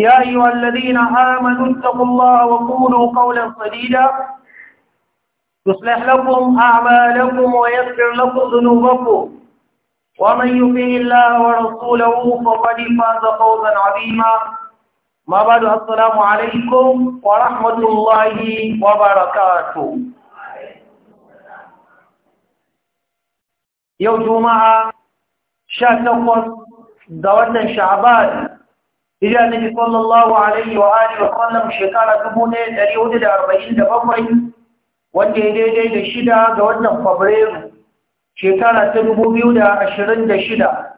يا أيها الذين آمنوا اتقوا الله وقولوا قولا صديدا يصلح لكم أعمالكم ويغفر لكم ذنوبكم ومن يطع الله ورسوله فقد فاز فوزا عظيما ما بعد السلام عليكم ورحمة الله وبركاته يوم جمعة شهر 8 ga شعبان Hijira Nabi sallallahu Alaihi wa Alihi wa sallam shekara dubu ɗaya hudu da arba'in da wanda ya daidai da shida ga wannan Fabrairu shekara ta dubu biyu da ashirin da shida.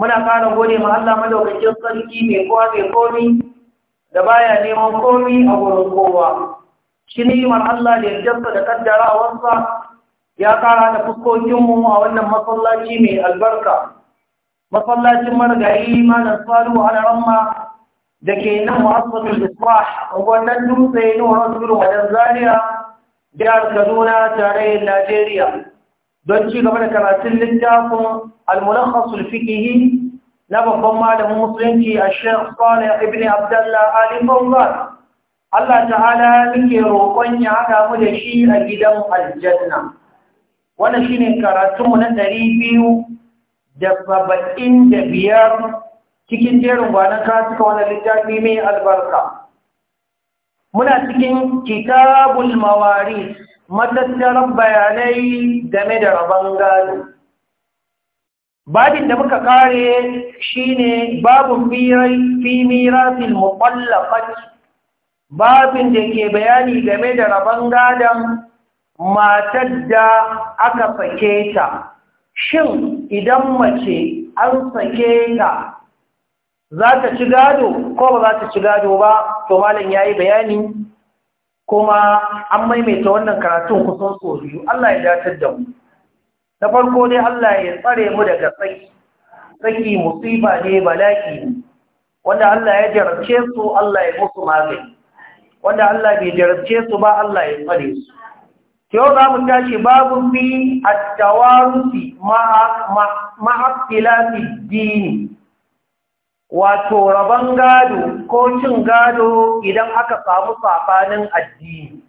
Muna ƙara gode ma Allah madaukakin sarki mai kowa mai komi da baya neman komi a gurin kowa. Shi ni'imar Allah da yardarsa da kaddarawarsa ya ƙara da fuskokinmu a wannan masallaci mai albarka. masallacin marigayi malam salu ala ramma da ke nan mu'assatul islah wannan dutse ne wa rasulu wajen zaria jihar kaduna tarayyar najeriya don ci gaba da karatun littafin al-mulakhasul na babban malamin musulunci a shek salih ibn abdullah ali fawzan Allah ta'ala muke roƙon ya haɗa mu da shi a gidan aljanna wannan shine karatunmu na ɗari biyu da saba'in da biyar cikin jerin gwanon ka wani littafi mai albarka muna cikin kitabul mawari matattarar bayanai game da rabon gado babin da muka kare shi shine babu fi mirafin muƙallafat babin da ke bayani game da rabon gadon matar da aka fake ta shin idan mace an sake ka, za ta ci gado ko ba za ta ci gado ba to malam ya yi bayani kuma an maimaita wannan karatun kusan so biyu Allah ya datar da mu na farko dai Allah ya tsare mu daga tsaki tsaki musiba ne bala'i wanda Allah ya jarabce su Allah ya musu magani wanda Allah bai jarabce su ba Allah ya tsare su yau za mu tashi babu bi a tawarusi ma'afilafi dini wato rabon gado ko cin gado idan aka samu safanin addini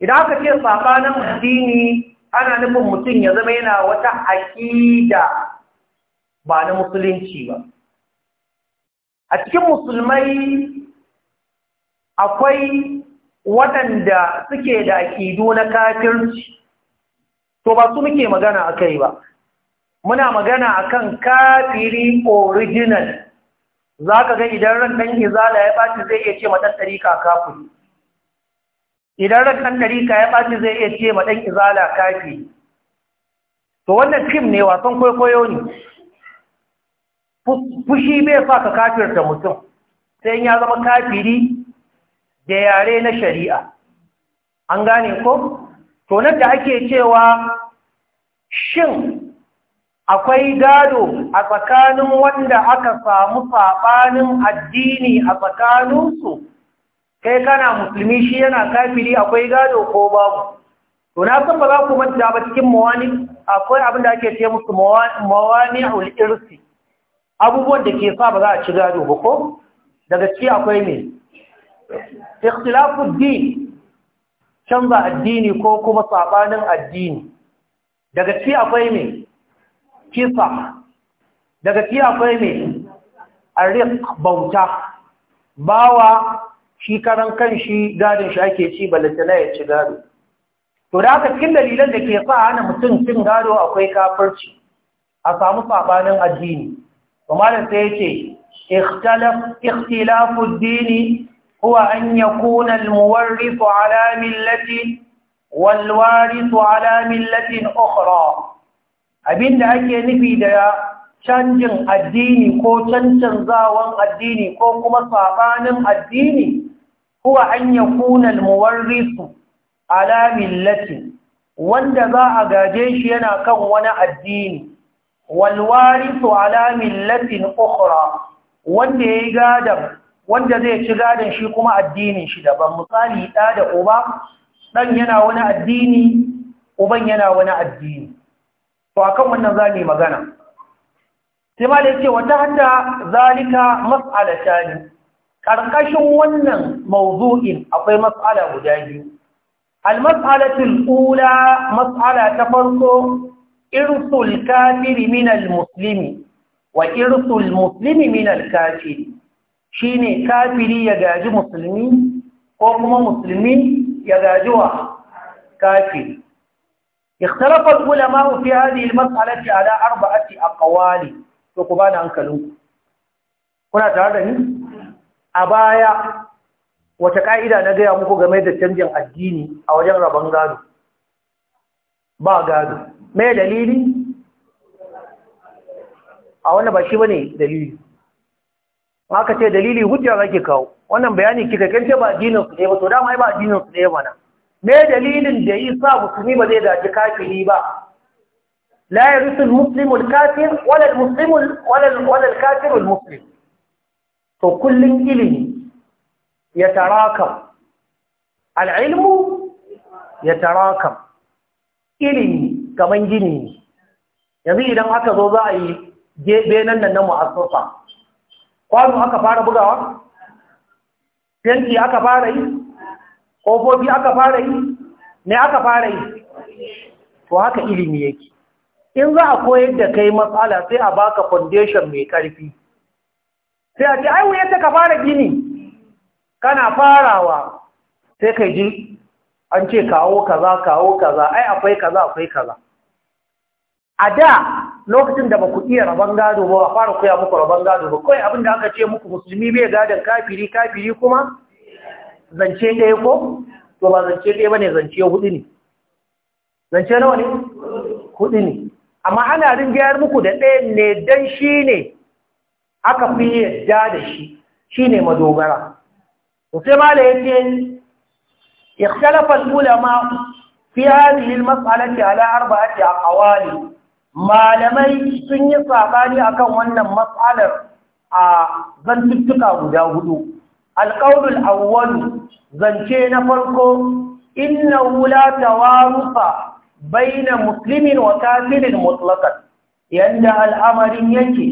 idan aka ce safanin addini ana nufin mutum ya zama yana wata aƙida ba na musulunci ba a cikin musulmai akwai waɗanda suke da aƙidu na kafirci to ba su muke magana a kai ba muna magana a kan kafiri original za ka ga idan ran ɗan izala ya ɓaci zai iya ce ma ɗan ɗarika kafiri idan ran ɗan ɗarika ya ɓaci zai iya ce ma ɗan izala kafin. to wannan fim ne wasan kwaikwayo ne fushi bai sa ka kafirta mutum sai ya zama kafiri da yare na shari'a an gane ko tonar da ake cewa shin akwai gado a tsakanin wanda aka samu saɓanin addini a tsakaninsu kai kana musulmi shi yana kafiri akwai gado ko babu to na san ba za ku manta ba cikin mawani akwai abin da ake ce musu mawani irsi. abubuwan da ke sa ba za a ci gado ba ko daga ci akwai ne ikhtilafu din canza addini ko kuma sabanin addini daga ci akwai me kisa daga ci akwai me ariq bauta bawa shi karan kanshi gadin shi ake ci balatana ya ci gado to da haka cikin dalilan da ke sa hana mutum cin gado akwai kafirci a samu sabanin addini kuma malam sai yace ikhtilaf ikhtilafu هو أن يكون المورث على ملة والوارث على ملة أخرى أبين دا ake nufi da canjin addini ko cancanzawan addini ko kuma sabanin addini huwa an yakuna almuwarrisu alamin latin, wanda za a gaje shi yana kan wani addini walwarisu alamin latin ukhra wanda ya gadan wanda zai ci gadon shi kuma addinin shi daban misali ɗa da uba ɗan yana wani addini uban yana wani addini to akan wannan za mu magana sai ma da yake wata hatta zalika mas'alata ne ƙarƙashin wannan mawzu'in akwai mas'ala guda biyu al-mas'alatul ula mas'ala ta farko irsul kafiri minal muslimi wa irsul muslimi minal al-kafiri shi ne kafiri ya gaji musulmi ko kuma musulmi ya gaji wa kafiri. Ikhtarafar kula ma'u fi da masalati ce a aqwali to ku bani hankalin kuna tare da ni a baya wata ƙa'ida na gaya muku game da canjin addini a wajen rabon gado ba gado Me dalili a wanda ba shi ne dalili haka ce dalili hujja zaki kawo wannan bayani kika kance ba addinin su ne ba to dama ba addinin su ne ba na me dalilin da yi sa musulmi ba zai daji kafiri ba la yarisu almuslimu alkafir wala almuslimu wala wala alkafiru almuslim to kullun ilimi ya taraka, alilmu ya taraka, ilimi kaman gini yanzu idan aka zo za a yi benen nan na mu'assasa kwano aka fara bugawa fenti aka fara yi kofofi aka fara yi ne aka fara yi to haka ilimi yake in za a koyar da kai matsala sai a baka foundation mai ƙarfi sai a ce ai ta ka fara gini kana farawa sai kai ji an ce kawo kaza kawo kaza ai akwai kaza akwai kaza a da lokacin da ba ku iya rabon gado ba a fara koya muku rabon gado ba kawai abin da aka ce muku musulmi bai gadon kafiri kafiri kuma zance ɗaya ko to ba zance ɗaya ba ne zance hudu ne zance nawa ne hudu ne amma ana ringiyar muku da ɗaya ne don shi ne aka fi yadda da shi shi ne madogara sai ma da yake ikhtalafa ulama fi hadhihi al-mas'alati ala arba'ati aqwali malamai sun yi a akan wannan matsalar a zantuttuka guda hudu alƙaunul awwalu zance na farko inna wula tawarufa baina muslimin wa kafirin mutlaqan yanda al'amarin yake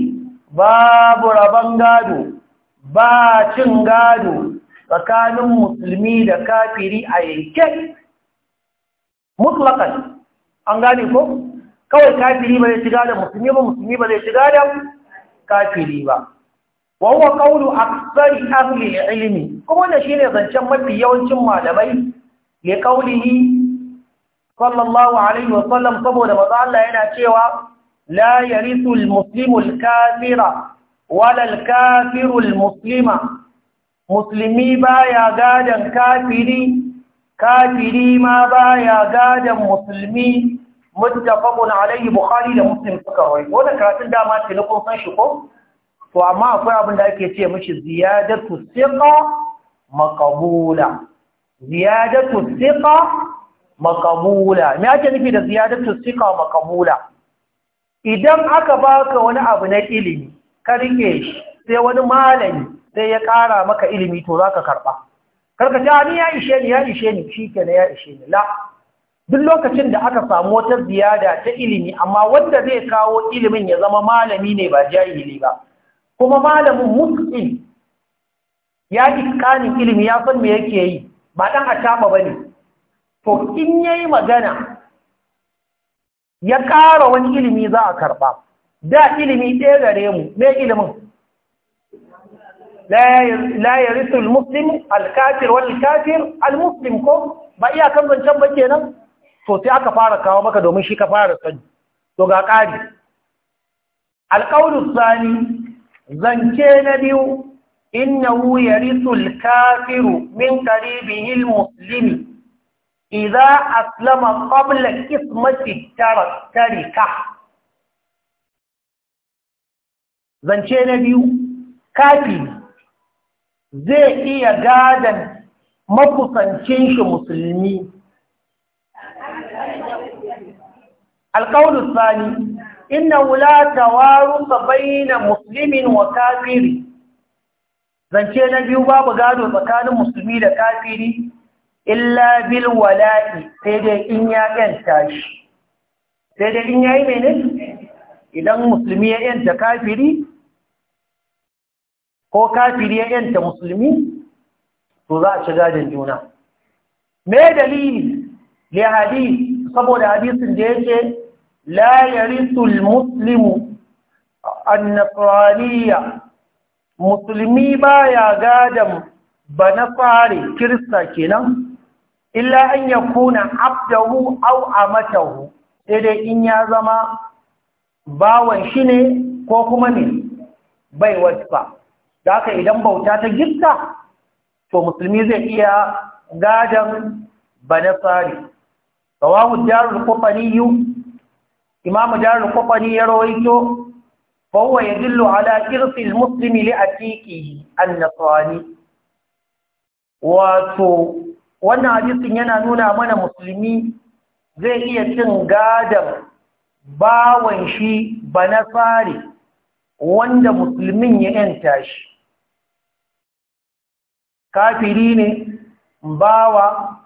babu rabon gado ba cin gado tsakanin musulmi da kafiri a yanke mutlaqan an gane ko kawai kafiri ba zai shiga da musulmi ba musulmi ba zai shiga da kafiri ba wa huwa qawlu aktsari ahli ilmi kuma wannan shine zancen mafi yawancin malamai li qawlihi sallallahu alaihi wa sallam saboda manzo Allah yana cewa la yarithu al-muslimu al-kafira wala al-kafiru al-muslima muslimi baya gadan kafiri kafiri ma ba ya gadan musulmi muttafaqun alayhi bukhari da muslim suka rawaito da karatun dama ce na kun san shi ko to amma akwai abin da ake ce mishi ziyadatu siqa maqbula ziyadatu siqa maqbula me ake nufi da ziyadatu siqa maqbula idan aka baka wani abu na ilimi ka rike shi sai wani malami sai ya ƙara maka ilimi to zaka karba karka ta ah, ni ya ishe ni ya ishe ni shikenan ya ishe ni la duk lokacin da aka samu wata ziyada ta ilimi amma wanda zai kawo ilimin ya zama malami ne ba jahili ba kuma malamin mutsin ya iskanin ilimi ya san me yake yi ba dan a taba bane to in yayi magana ya ƙara wani ilimi za a karba da ilimi ɗaya gare mu me ilimin la yarisul muslim al-kafir wal kafir al-muslim ko ba iya kan zancen ba kenan to sai aka fara kawo maka domin shi ka fara sani to ga ƙari alƙawlu sani zance na biyu innahu yarithu al-kafiru min qaribihi al-muslimi idza aslama qabla tara tarika zance na biyu kafi zai iya gadan makusancin shi musulmi alƙawlu tsani inna wula tawarusa baina musulmin wa kafiri zance na biyu babu gado tsakanin musulmi da kafiri illa bil wala'i sai dai in ya yanta shi sai dai in yi mene idan musulmi ya yanta kafiri ko kafiri ya yanta musulmi to za a shiga da juna me dalili ne hadith saboda hadisin da yake la Musulmi muslimu annasraniya musulmi baya gadan banasare kirista kenan illa an yakuna abdahu aw amatahu sai dai in ya zama bawan shi ne ko kuma ne bai wata da haka idan bauta ta gifta to musulmi zai iya gadan banasare rawahu darul qutani imamu darul qutani ya rawaito fa huwa yadullu ala irsi almuslim li an wa wato wannan hadisin yana nuna mana musulmi zai iya cin gadon bawan shi ba tsari wanda musulmin ya yanta shi kafiri ne bawa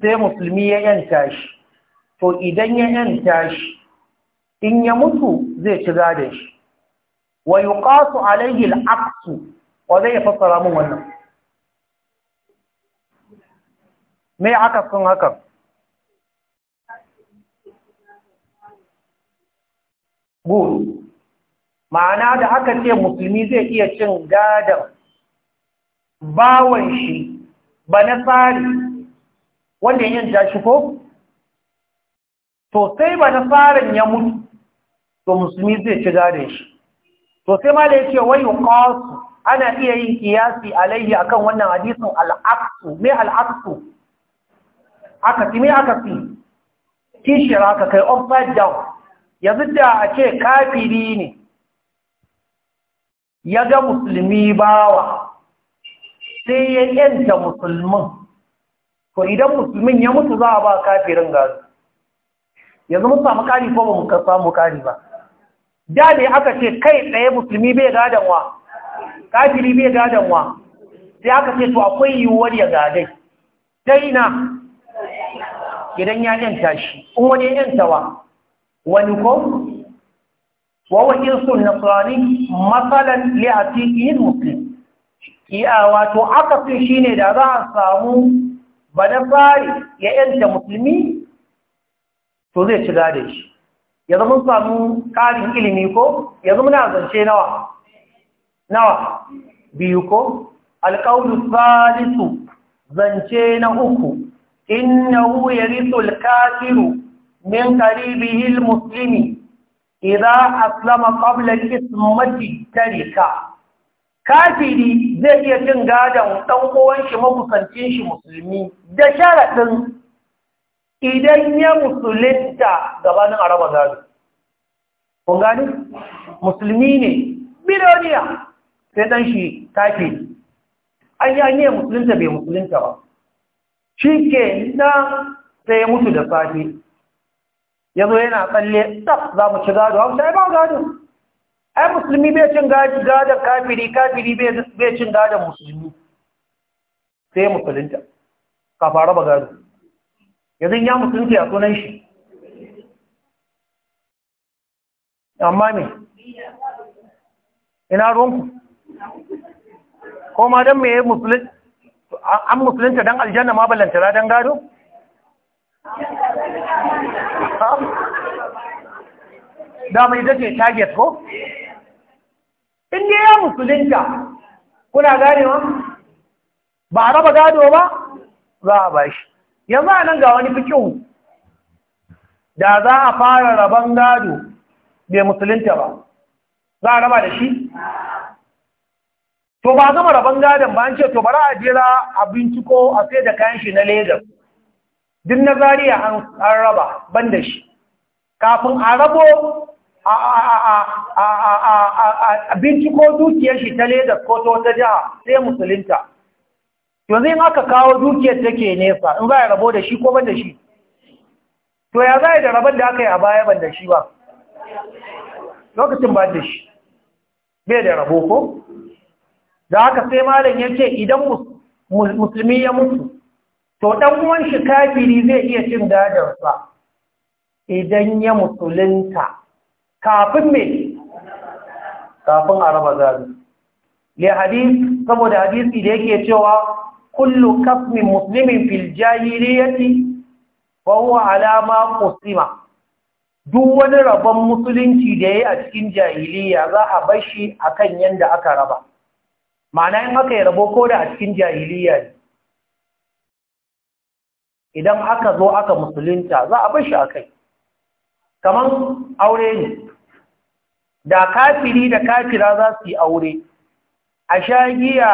sai musulmi ya yanta shi to idan ya yanta shi in ya mutu zai ci gadon shi wa ƙasu alayhi al Aksu wa zai fassara mun wannan me aka sun hakan good ma'ana da aka ce musulmi zai iya cin gadon bawon shi ba na tsari Wannan yin shi ko sosai ba na farin ya mutu to musulmi zai ci gare shi sosai ma da yake wayo ƙasu ana iya yin kiyasi alaihi akan wannan hadisin al mai me akasi. aqsu aka fi aka kishira kai upside down yanzu da a ce kafiri ne ya ga musulmi bawa sai ya yanta musulmin to idan musulmin ya mutu za a ba kafirin gasu yanzu mun samu kari ko ba mu samu kari ba da ne aka ce kai tsaye musulmi bai gadon wa kafiri bai gadon wa sai aka ce to akwai yiwuwar ya gadai daina idan ya yanta shi in wani wa wani ko wawa irsun nasrani matsalan yin muslim kiyawa wato aka fi shine da za a samu ba fari ya yanta musulmi to zai ci gada shi ya zama samu karin ilimi ko Ya zama na zance nawa nawa biyu ko alƙawlu salisu zance na uku innahu ya al-kafiru min qaribihi Musulmi, idan idza aslama qabla ta tarika kafiri zai iya cin gadon ɗan uwan shi makusancin shi musulmi da sharaɗin idan ya musulunta gabanin araba gado kun gani musulmi ne miliyoniya sai ɗan shi kafiri an yi an yi musulunta bai musulunta ba shi ke na sai ya mutu da safe ya zo yana tsalle tsaf za mu ci gado hausa ya ba gado ai musulmi bai cin gadon kafiri kafiri bai cin gadon musulmi sai musulunta ka fara ba gado yanzu ya musulunta ya sunan shi amma me ina ruwanku ko ma don me an musulunta don aljanna ma balantara don gado? da mai zace target ko? in ya musulunta kuna ganewa ba a raba gado ba za a bashi yanzu a nan ga wani fikihu da za a fara raban gado bai musulunta ba za a raba da shi to ba zama raban gadon ba an ce to bara a jira a binciko a sai da kayan shi na Legas. duk na zariya an raba ban da shi kafin a rabo a binciko dukiyar shi ta leda ko ta wata jiha sai musulunta yanzu in aka kawo dukiyar take nefa in za a rabo da shi ko ban da shi to ya za a yi da rabon da aka yi a baya ban da shi ba lokacin ban da shi bai da rabo ko da haka sai malam ya ce idan musulmi ya mutu to ɗan uwan shi kafiri zai iya cin gadarsa idan ya musulunta kafin me kafin a raba gado li hadith saboda hadisi da yake cewa kullu kasmin muslimin fil jahiliyyati fa huwa ala ma qusima duk wani rabon musulunci da yayi a cikin jahiliya za a bashi akan yanda aka raba ma'ana in aka yi rabo ko da a cikin jahiliya ne idan aka zo aka musulunta za a bashi a kai kamar aure ne da kafiri da kafira za su yi aure a sha giya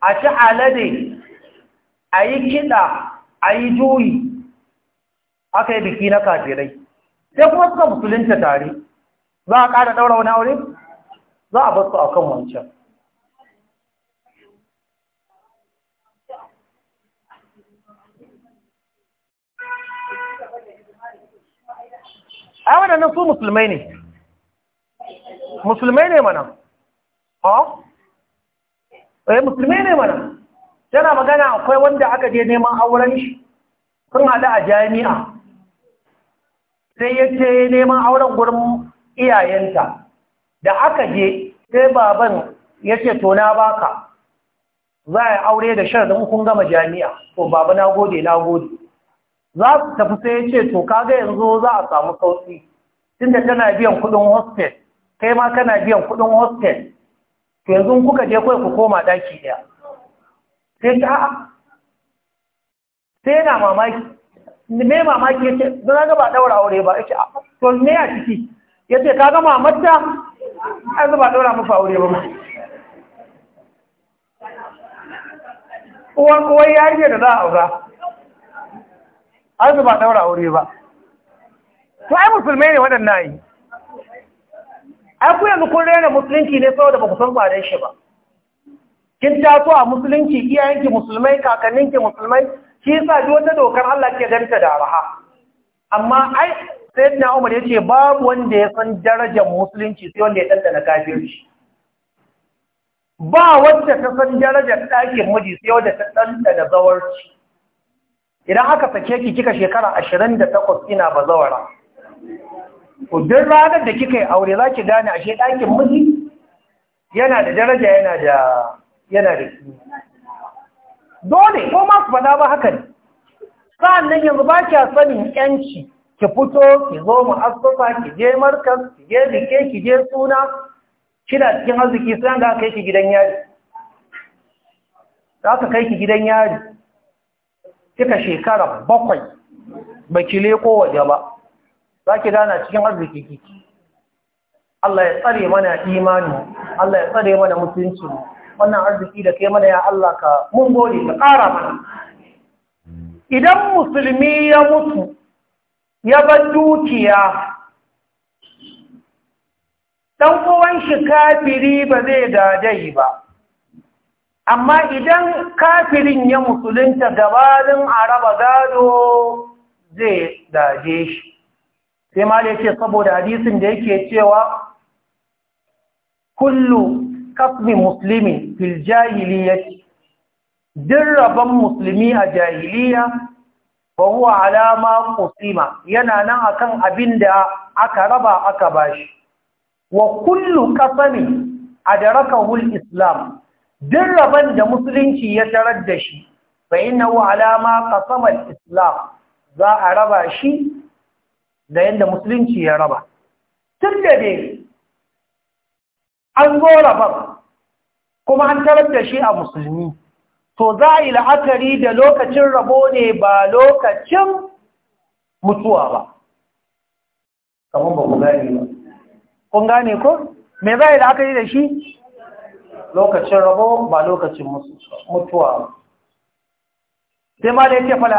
a ci alade a yi kiɗa a yi juyi aka yi biki na kafirai sai kuma suka musulunta tare za a ƙara ɗaura wani aure za a basu a kan wancan a waɗannan su musulmai ne musulmai ne mana ha? eh musulmai ne mana yana magana akwai wanda aka je neman auren shi sun hada a jami'a sai ya ce neman auren gurin iyayenta da aka je sai baban ya ce to na baka za a aure da shirin kun gama jami'a to baba na gode na gode za su tafi sai ya ce to kaga yanzu za a samu sauki tunda tana biyan kudin hostel kai ma kana biyan kudin hostel to yanzu kuka je kai ku koma daki daya sai ta sai na mamaki me mamaki yace zan ga ba daura aure ba yace to me a ciki yace kaga mamarta ai ba daura muku aure ba uwan ya yarinya da za a aura arzu ba daura aure ba to ai musulmai ne waɗannan yi ai ku yanzu kun rena musulunci ne saboda ba ku san tsadar shi ba kin taso a musulunci iyayenki musulmai kakanninki musulmai shi yasa duk wata dokar Allah ke ganta da raha amma ai sayyidina Umar yace babu wanda ya san darajar musulunci sai wanda ya dandana kafirci ba wanda ta san darajar dakin miji sai wanda ta dandana zawarci idan aka sake ki kika shekara ashirin da takwas ina bazawara duk ranar da kika yi aure za ki gane ashe ɗakin miji yana da daraja yana da yana da dole ko ma faɗa ba haka ne sa'an nan yanzu ba kya sanin yanci ki fito ki zo mu asusa ki je markas ki je rike ki je suna kina cikin arziki sai da aka kai ki gidan yari za ka kai ki gidan yari kika shekara bakwai baki leko waje ba za ki gana cikin arziki kiki Allah ya tsare mana imani Allah ya tsare mana mutunci wannan arziki da kai mana ya Allah ka mun gode ka ƙara mana idan musulmi ya mutu ya bar dukiya ɗan kowan shi kafiri ba zai gadai ba amma idan kafirin ya musulunta gabanin araba gado zai daje shi sai ma ce saboda hadisin da yake cewa kullu kasmi musulmi fil jahiliyyati dirraban musulmi a jahiliya ba huwa alama kusima yana nan akan abin da aka raba aka bashi wa kullu kasami adarakahu al-islam duk rabon da musulunci ya tarar da shi fa innahu alama qasamal islam za a raba shi da yadda musulunci ya raba tun da ne an zo rabon kuma an tarar da shi a musulmi to za a yi la'akari da lokacin rabo ne ba lokacin mutuwa ba kamar ba ku gane ba kun gane ko me za a yi la'akari da shi lokacin rabo ba lokacin mutuwa sai ma da yake fal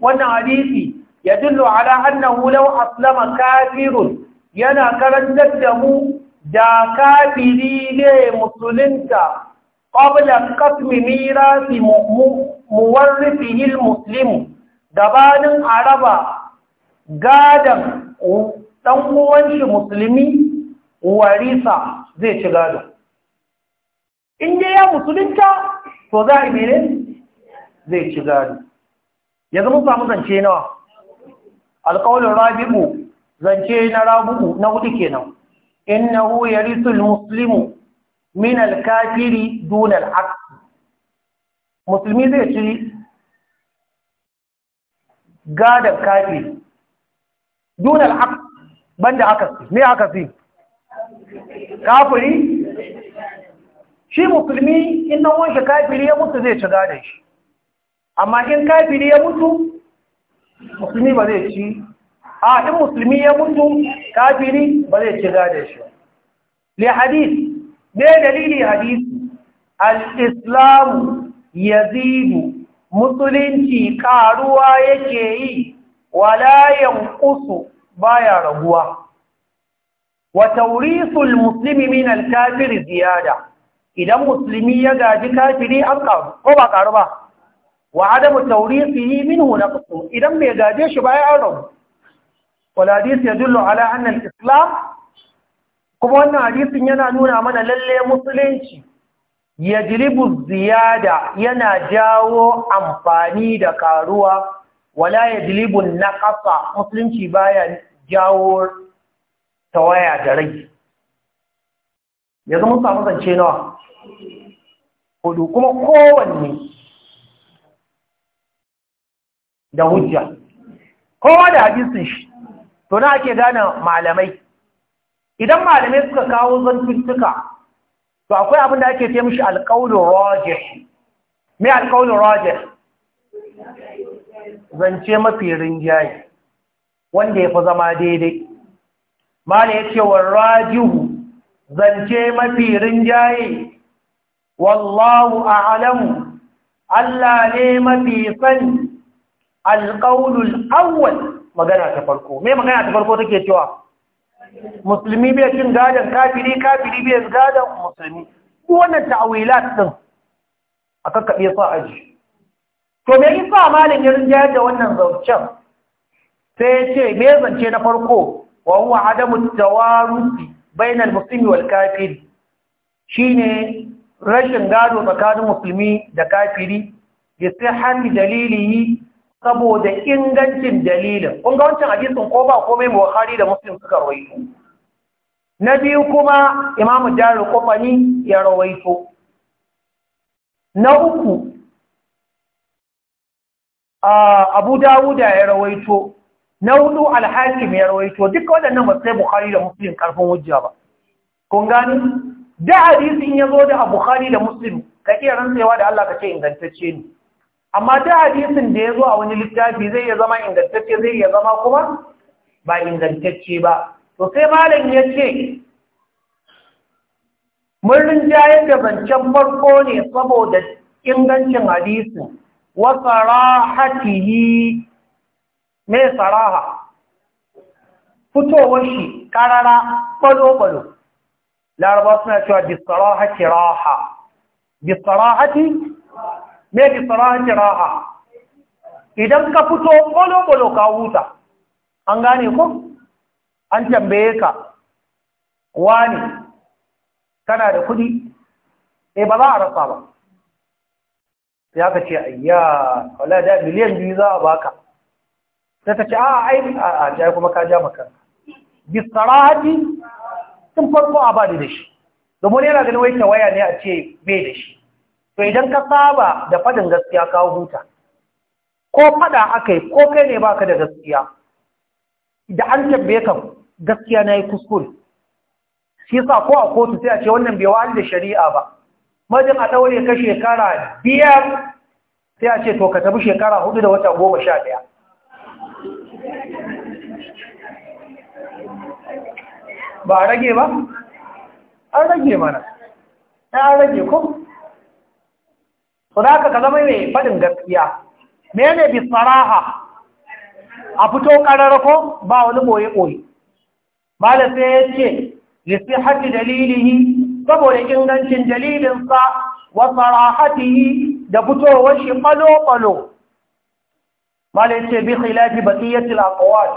wannan hadisi ya dillo ala annahu law aslama kafirun yana karantar da mu da kafiri ne musulunta qabla qasmi mirasi muwarrithihi almuslim gabanin araba gadan ɗan uwan shi musulmi warisa zai ci gadon in dai ya musulunta to za a mere zai ci gari yanzu mun samu zance nawa alƙawalin rabi'u zance na Rabu'u na hudu kenan innahu yarisul muslimu min alkafiri dun al'aqs musulmi zai ci gadon kafi dun al'aqs banda akasi me akasi kafiri shi musulmi inda wanshi kafiri ya mutu zai ci gada shi amma in kafiri ya mutu musulmi ba zai ci a in musulmi ya mutu kafiri ba zai ci gada shi li hadith ne dalili hadith al-islamu yazidu musulunci karuwa yake yi wala yanqusu baya raguwa wa tawrisul muslimi min al-kafir ziyada idan musulmi ya gaji kafiri an karu ko ba karu ba wa adamu tawrifihi minhu naqsu idan bai gaje shi ba ya rabu Wala hadith yadullu ala anna al-islam kuma wannan hadisin yana nuna mana lalle musulunci yajribu ziyada yana jawo amfani da karuwa wala na ƙasa. musulunci baya jawo tawaya da rai yanzu mun samun zance nawa hudu kuma kowanne da hujja kowa da hadisin shi to na ake gane malamai idan malamai suka kawo tuntuka, to akwai abin da ake ce mishi alƙaunin roger me alƙaunin roger zance mafi rinjaye wanda ya fi zama daidai mala ya ce wa rajihu zance mafi rinjaye wallahu a'lamu Allah ne mafi sani alƙaunul awwal magana ta farko me magana ta farko take cewa musulmi biya cin gadon kafiri kafiri bai gadon musulmi wannan ta'awilat din a kakkaɓe sa aji to me yasa malin yin rinjaye da wannan zaucen sai ya ce me zance na farko wa huwa adamu tawarusi bainal muslimi wal kafiri shine rashin gado tsakanin musulmi da kafiri Ya hannu dalili yi saboda ingancin dalilin kun ga wancan hadisin ko ba komai bukhari da muslim suka rawaito na biyu kuma imamu jari Kwamani ya rawaito na uku ah, abu dawuda ya rawaito na hudu alhakim ya rawaito duka waɗannan ba sai bukhari da muslim karfin hujja ba kun gani da hadisin ya zo da a bukhari da muslim ka iya rantsewa da Allah ka ce ingantacce ne amma da hadisin da ya zo a wani littafi zai iya zama ingantacce zai iya zama kuma ba ingantacce ba to sai malam ya ce mun rinjaye da zancen farko ne saboda ingancin hadisin wasa, sarahatihi Me saraha fitowar shi karara ɓalo-ɓalo laraba suna cewa bisaraha kiraha bisarahati me bisaraha kiraha idan ka fito ɓalo-ɓalo ka huta an gane ku an tambaye ka wani kana da kuɗi e ba za a rasa ba ya ka ce ayya wala da miliyan biyu za a baka sai ta ce ah, a ai a ja kuma ka ja maka bisara Haji tun farko a ba da shi domin yana ganin wai tawaya ne a ce bai da shi to idan ka saba da fadin gaskiya ka huta ko fada aka yi ko kai ne baka da gaskiya da an tambaye kan gaskiya na yi kuskure shi sa ko a kotu sai a ce wannan bai wa'an da shari'a ba majin a ɗaure ka shekara biyar sai a ce to ka tafi shekara hudu da wata goma sha ɗaya ba a rage ba an rage mana na rage ku? su ka ka zama mai faɗin gaskiya mene bi tsaraha a fito ƙarar ko ba wani ɓoye-ɓoye malar sai ya ce lissi haɗi dalilihi saboda ingancin dalilinsa wa tsarahatihi da fitowar shi ɓalo-ɓalo malar ce bi khilafi baƙiyyatil aqwal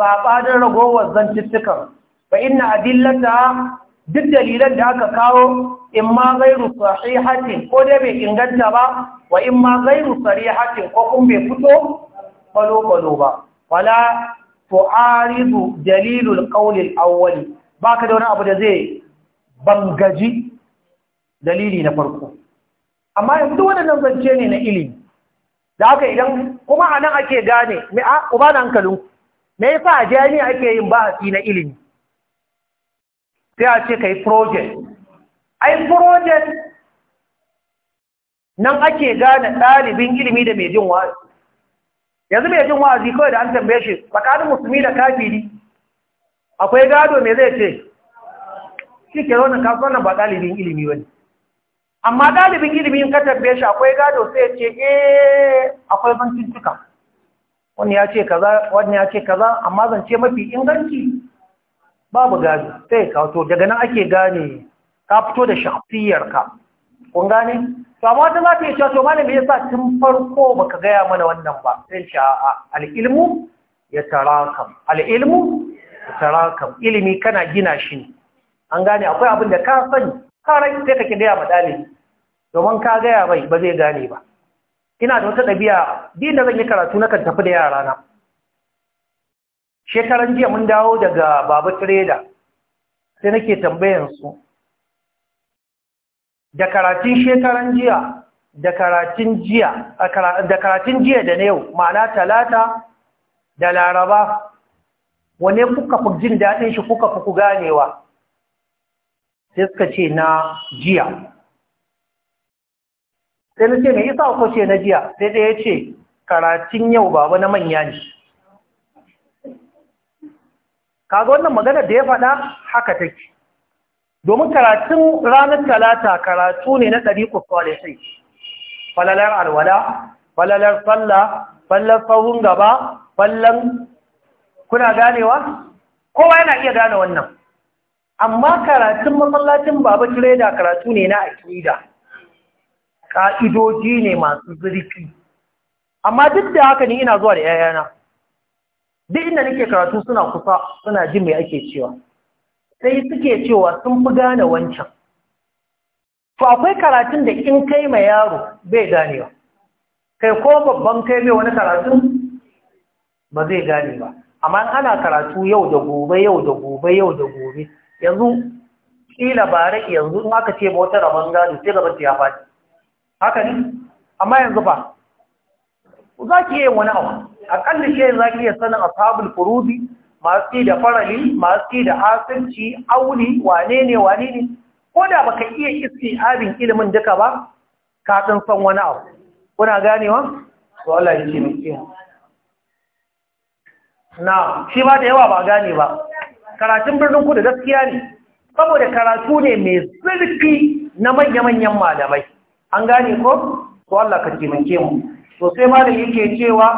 saɓanin ragowar zantuttukan fa inna adillata duk dalilan da aka kawo in ma gairu sahihatin ko dai bai inganta ba wa in ma gairu sarihatin ko kun bai fito balo-balo ba wala tu'aridu dalilul qawlil awwali baka da wani abu da zai bangaji dalili na farko amma yanzu duk waɗannan zance ne na ilimi da haka idan kuma anan ake gane me a uba na hankalin me yasa a jami'a ake yin ba'asi na ilimi sai a ce ka yi project ai project nan ake gane ɗalibin ilimi da mai jin wa'azi yanzu mai jin wa'azi kawai da an tambaye shi tsakanin musulmi da kafiri akwai gado mai zai ce shi ke raunin kasuwan ba ɗalibin ilimi ba ne amma ɗalibin ilimi in ka tambaye shi akwai gado sai ce eh akwai bancin cika wani ya ce kaza wani ya ce kaza amma zance mafi inganci babu gani sai ka to daga nan ake gane ka fito da ka. kun gane to amma da zaka yi to malami ya sa tun farko baka gaya mana wannan ba sai ce al al'ilmu ya tarakam al'ilmu ya tarakam ilimi kana gina shi ne an gane akwai abin da ka sani karai sai ka gaya ma ɗalibi domin ka gaya mai ba zai gane ba ina da wata ɗabi'a din da zan yi karatu nakan tafi da yara na shekaran jiya mun dawo daga baba trader sai nake tambayansu da karatun shekaran jiya da karatun jiya da karatun jiya da na yau ma'ana talata da laraba wane kuka fi jin daɗin shi kuka fi ku ganewa sai suka ce na jiya sai na ce mai isa ko ce na jiya sai ɗaya ce karatun yau baba na manya ne kaga wannan magana da ya faɗa haka take domin karatun ranar talata karatu ne na ɗari kusurwa sai falalar alwala falalar falla fallar saurin gaba fallan kuna ganewa kowa yana iya gane wannan amma karatun masallacin baba tireda karatu ne na aƙida ƙa'idoji ne masu zurfi amma duk da haka ni ina zuwa da ‘ya'yana duk inda nake karatu suna kusa suna jin mai ake cewa sai suke cewa sun fi gane wancan to akwai karatun da in kai ma yaro bai gane ba. kai ko babban kai mai wani karatun ba zai gane ba amma ana karatu yau da gobe yau da gobe yau da gobe yanzu kila bare yanzu in aka ce wata rabon gado sai gaban ya faɗi haka ne amma yanzu ba za ki yi wani abu akalli shi za ki iya sanin ashabul furudi masu da farali masu da hasinci auni wane ne wane ne ko da baka iya iske abin ilimin duka ba ka san wani abu kuna ganewa to Allah ya ce mu na shi ba da yawa ba gane ba karatun birnin kudu gaskiya ne saboda karatu ne mai zurfi na manya-manyan malamai an gane ko to Allah ka ke mu to sai ma da yake cewa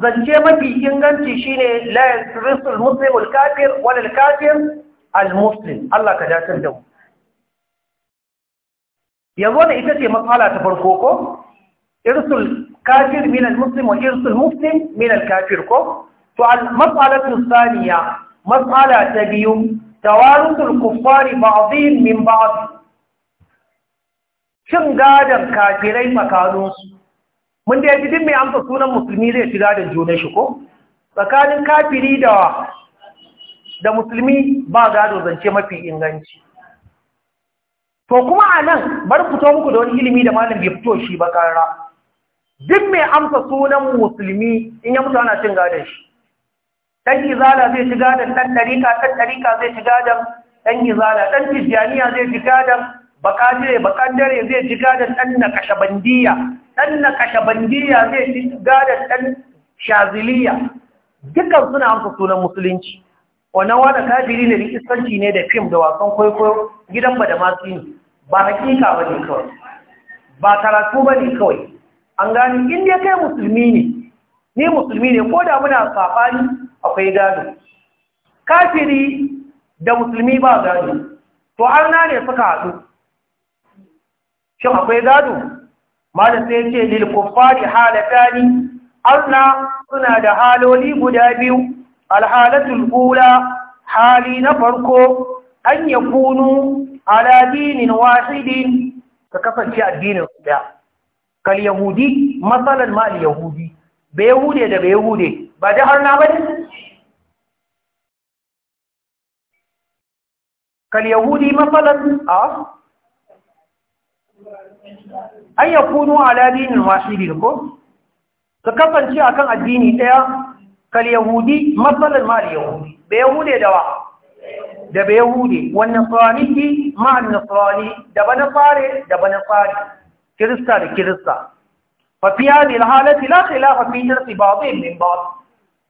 zance mafi inganci shine la yasrisu al-muslim al-kafir wal al muslim Allah ka dace da mu yanzu da ita ce matsala ta farko ko irsul kafir min al-muslim wa irsul muslim min al-kafir ko to al-mas'alatu thaniya matsala ta biyu tawarutul kuffari ba'dihim min ba'd cin gadon kafirai makaninsu mun da yaji duk mai amsa sunan musulmi zai ci gadon juna shi ko tsakanin kafiri da da musulmi ba gado zance mafi inganci to kuma a nan bar fito muku da wani ilimi da malam bai fito shi ba karra duk mai amsa sunan musulmi in ya mutu ana cin gadon shi dan izala zai ci gadon dan ɗarika, dan ɗarika zai ci gadon dan izala dan tijjaniya zai ci gadon bakadire bakadire zai ci gadon ɗan na kashabandiya ɗan na kashabandiya zai ci gadon ɗan shaziliya dukkan suna amsa sunan musulunci wannan wada kafiri ne rikistanci ne da fim da wasan kwaikwayo gidan ba da masu yi ba hakika ba ne kawai ba karatu ba ne kawai an gani inda kai musulmi ne ni musulmi ne ko da muna safari akwai gado kafiri da musulmi ba gado to an na ne suka haɗu shin akwai gado malam sai ce lil kuffari halatani Allah suna da haloli guda biyu alhalatul gula, hali na farko an yakunu ala dinin wahidin ka kasance addinin su daya kal yahudi masalan ma al yahudi bai yahude da bai yahude ba da har na ba kal yahudi masalan a an ya kunu ala dinin wahidin ko ka kasance kan addini ɗaya kal yahudi matsalar ma yahudi da yahude da wa da bai yahude wannan tsawaniki ma nasrani da ba na fare da ba na fare kirista da kirista fa fi hadhihi alhalati la khilafa fi irtibatin min ba.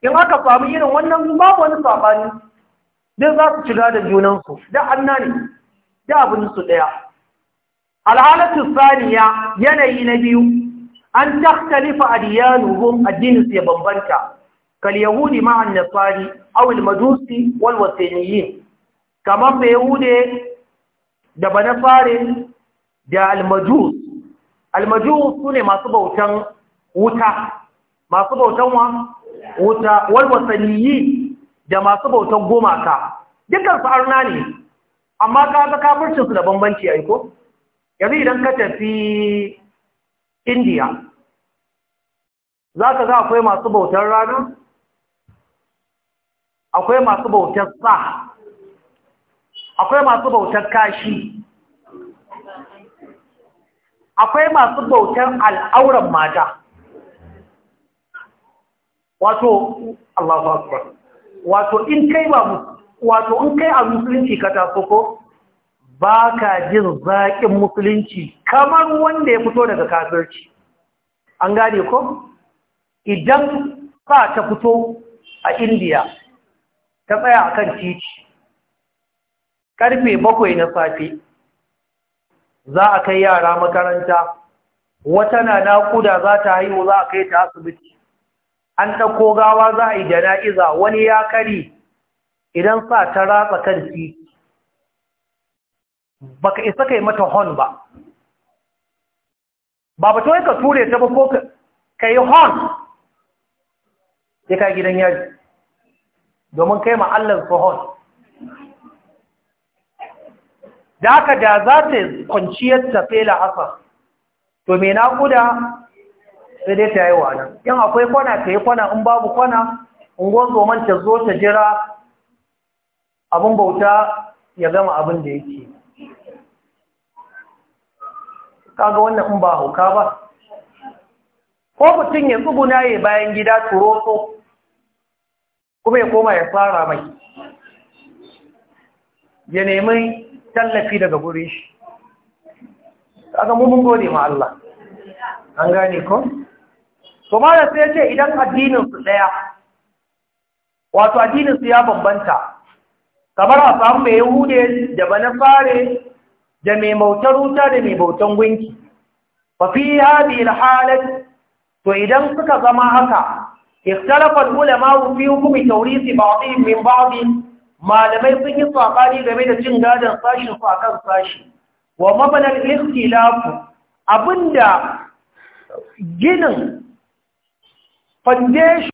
in aka samu irin wannan babu wani sabani dai za su shiga da junansu da annani da abin su ɗaya. alhalatu saniya yanayi na biyu an takhtalifa adiyanuhum addinin ya bambanta kal yahudi ma an nasari aw al majusi wal wasaniyin kamar da yahude da banafare da al majus al majus sune masu bautan wuta masu bautan wa wuta wal wasaniyin da masu bautan gumaka dukkan su arna ne amma ka kaga kafircin su da bambanci aiko yanzu idan ka tafi indiya za ka ga akwai masu bautar rana akwai masu bautar sa akwai masu bautar kashi akwai masu bautar al'auran mata wato Allahu akbar wato in kai ba wato in kai a musulunci ka taso ko ba ka jin zaƙin musulunci kamar wanda ya fito daga kafirci an gane ko idan sa ta fito a indiya ta tsaya a kan titi karfe bakwai na safe za a kai yara makaranta wata na naƙuda za ta haihu za a kai ta asibiti an ɗauko gawa za a yi jana'iza wani ya kari idan sa ta ratsa kan titi baka isa ka yi mata hon ba ba ba to ka ture ta ba ko ka yi hon sai ka gidan yari domin kai ma su hon da ka da za ta kwanciyar ta fela asa to mai naƙuda sai dai ta yi wa nan in akwai kwana ka yi kwana in babu kwana in gozo man ta zo ta jira abin bauta ya gama abin da yake kaga wannan in ba hauka ba ko mutum ya tsuguna ya bayan gida turotso kuma ya koma ya fara mai ya nemi tallafi daga gure shi kaga mummun gode ma Allah an gane ko to malam sai ce idan addininsu ɗaya, daya wato addininsu ya bambanta kamar a samu mai hude da bana fare da mai bautar wuta da mai bautan gunki fa fi hadhihi alhalat to idan suka zama haka ikhtalafa ulama fi hukmi ba ba'dihim min ba'd malamai sun yi sabani game da cin gadon sashi su akan sashi wa mabanar al abinda ginin foundation